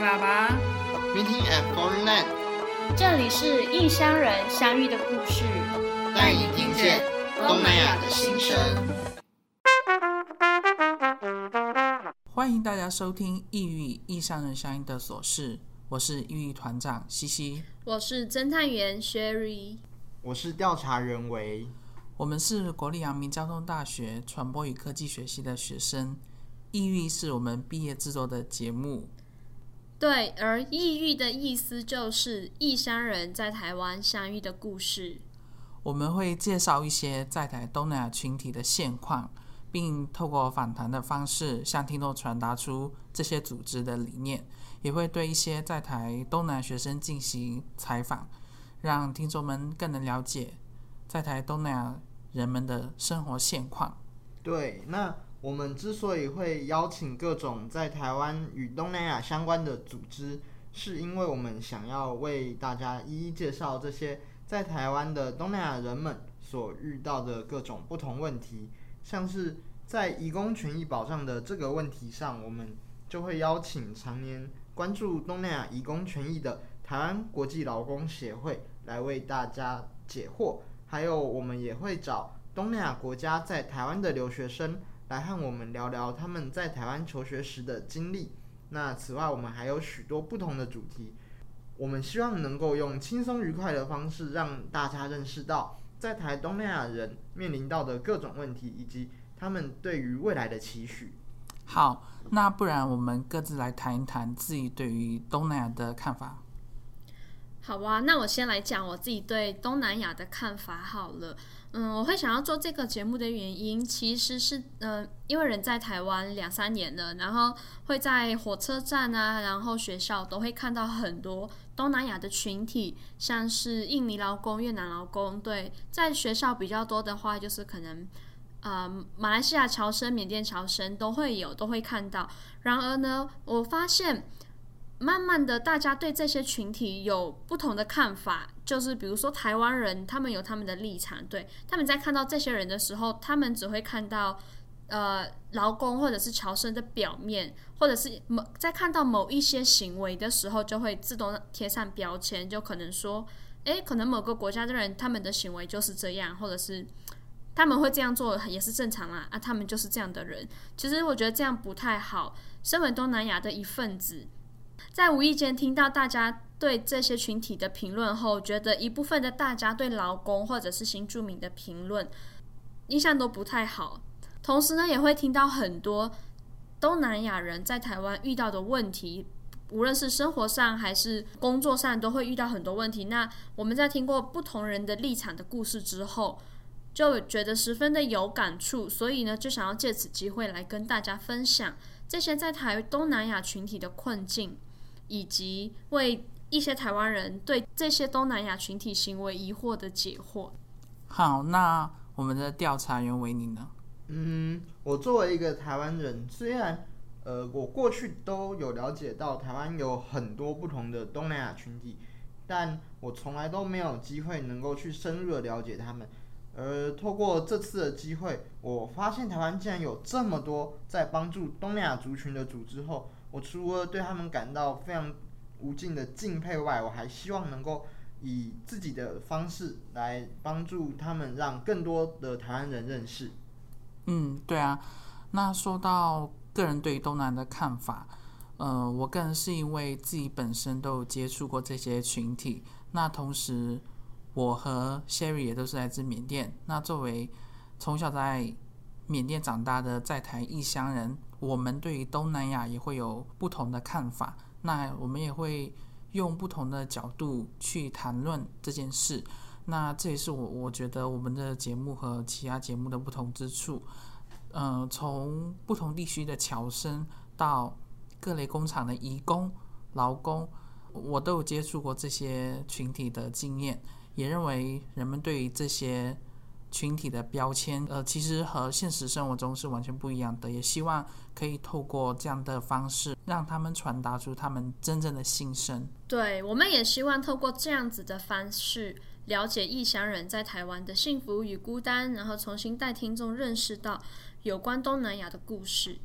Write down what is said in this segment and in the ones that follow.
爸爸。Meeting at foreign land。這裡是異鄉人相遇的故事，帶你聽見東南亞的心聲。歡迎大家收聽《異遇異鄉人相遇的瑣事》，我是異遇團長西西，我是偵探員 Sherry，我是調查人維，我們是國立陽明交通大學傳播與科技學系的學生，《異遇》是我們畢業制作的節目。對，而異遇的意思就是異鄉人在台灣相遇的故事。我們會介紹一些在台東南亞群體的現況，並透過訪談的方式向聽眾傳達出這些組織的理念，也會對一些在台東南亞學生進行採訪，讓聽眾們更能了解在台東南亞人們的生活現況。對，那。我們之所以會邀請各種在台灣與東南亞相關的組織，是因為我們想要為大家一一介紹這些在台灣的東南亞人們所遇到的各種不同問題。像是在移工權益保障的這個問題上，我們就會邀請常年關注東南亞移工權益的台灣國際勞工協會來為大家解惑。還有，我們也會找東南亞國家在台灣的留學生。來和我們聊聊他們在台灣求學時的經歷。那此外，我們還有許多不同的主題。我們希望能夠用輕鬆愉快的方式，讓大家認識到在台東南亞人面臨到的各種問題，以及他們對於未來的期許。好，那不然我們各自來談一談自己對於東南亞的看法。好哇，那我先來講我自己對東南亞的看法好了。嗯，我會想要做這個節目的原因，其實是嗯、呃，因為人在台灣兩三年了，然後會在火車站啊，然後學校都會看到很多東南亞的群體，像是印尼勞工、越南勞工，對，在學校比較多的話，就是可能呃，馬來西亞僑生、緬甸僑生都會有，都會看到。然而呢，我發現。慢慢的，大家對這些群體有不同的看法。就是比如說，台灣人他們有他們的立場，對他們在看到這些人的時候，他們只會看到呃勞工或者是僑生的表面，或者是某在看到某一些行為的時候，就會自動貼上標籤，就可能說，誒，可能某個國家的人他們的行為就是這樣，或者是他們會這樣做也是正常啊。啊，他們就是這樣的人。其實我覺得這樣不太好。身為東南亞的一份子。在無意間聽到大家對這些群體的評論後，覺得一部分的大家對勞工或者是新住民的評論印象都不太好。同時呢，也會聽到很多東南亞人在台灣遇到的問題，無論是生活上還是工作上，都會遇到很多問題。那我們在聽過不同人的立場的故事之後，就覺得十分的有感觸，所以呢，就想要借此機會來跟大家分享這些在台東南亞群體的困境。以及為一些台灣人對這些東南亞群體行為疑惑的解惑。好，那我們的調查員維尼呢？嗯，我作為一個台灣人，雖然呃，我過去都有了解到台灣有很多不同的東南亞群體，但我從來都沒有機會能夠去深入的了解他們。而、呃、透過這次的機會，我發現台灣竟然有這麼多在幫助東南亞族群的組織後。我除了對他們感到非常無盡的敬佩外，我還希望能夠以自己的方式來幫助他們，讓更多的台灣人認識。嗯，對啊。那說到個人對於東南亞的看法，嗯、呃，我個人是因為自己本身都有接觸過這些群體。那同時，我和 Sherry 也都是來自緬甸。那作為從小在緬甸長大的在台異鄉人，我們對於東南亞也會有不同的看法，那我們也會用不同的角度去談論這件事。那這也是我我覺得我們的節目和其他節目的不同之處。嗯、呃，從不同地區的僑生到各類工廠的移工、勞工，我都有接觸過這些群體的經驗，也認為人們對於這些。群體的標籤，呃，其實和現實生活中是完全不一樣的。也希望可以透過這樣的方式，讓他們傳達出他們真正的心聲。對，我們也希望透過這樣子的方式，了解異鄉人在台灣的幸福與孤單，然後重新帶聽眾認識到有關東南亞的故事。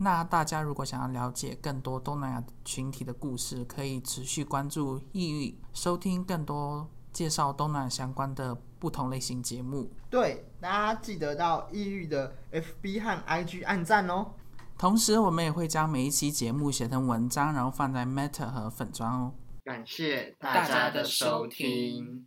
那大家如果想要了解更多東南亞群體的故事，可以持續關注異遇，收聽更多介紹東南亞相關的。不同類型節目，對，大家記得到異遇的 FB 和 IG 按讚哦！同時，我們也會將每一期節目寫成文章，然後放在 Matters 和粉專哦。感謝大家的收聽。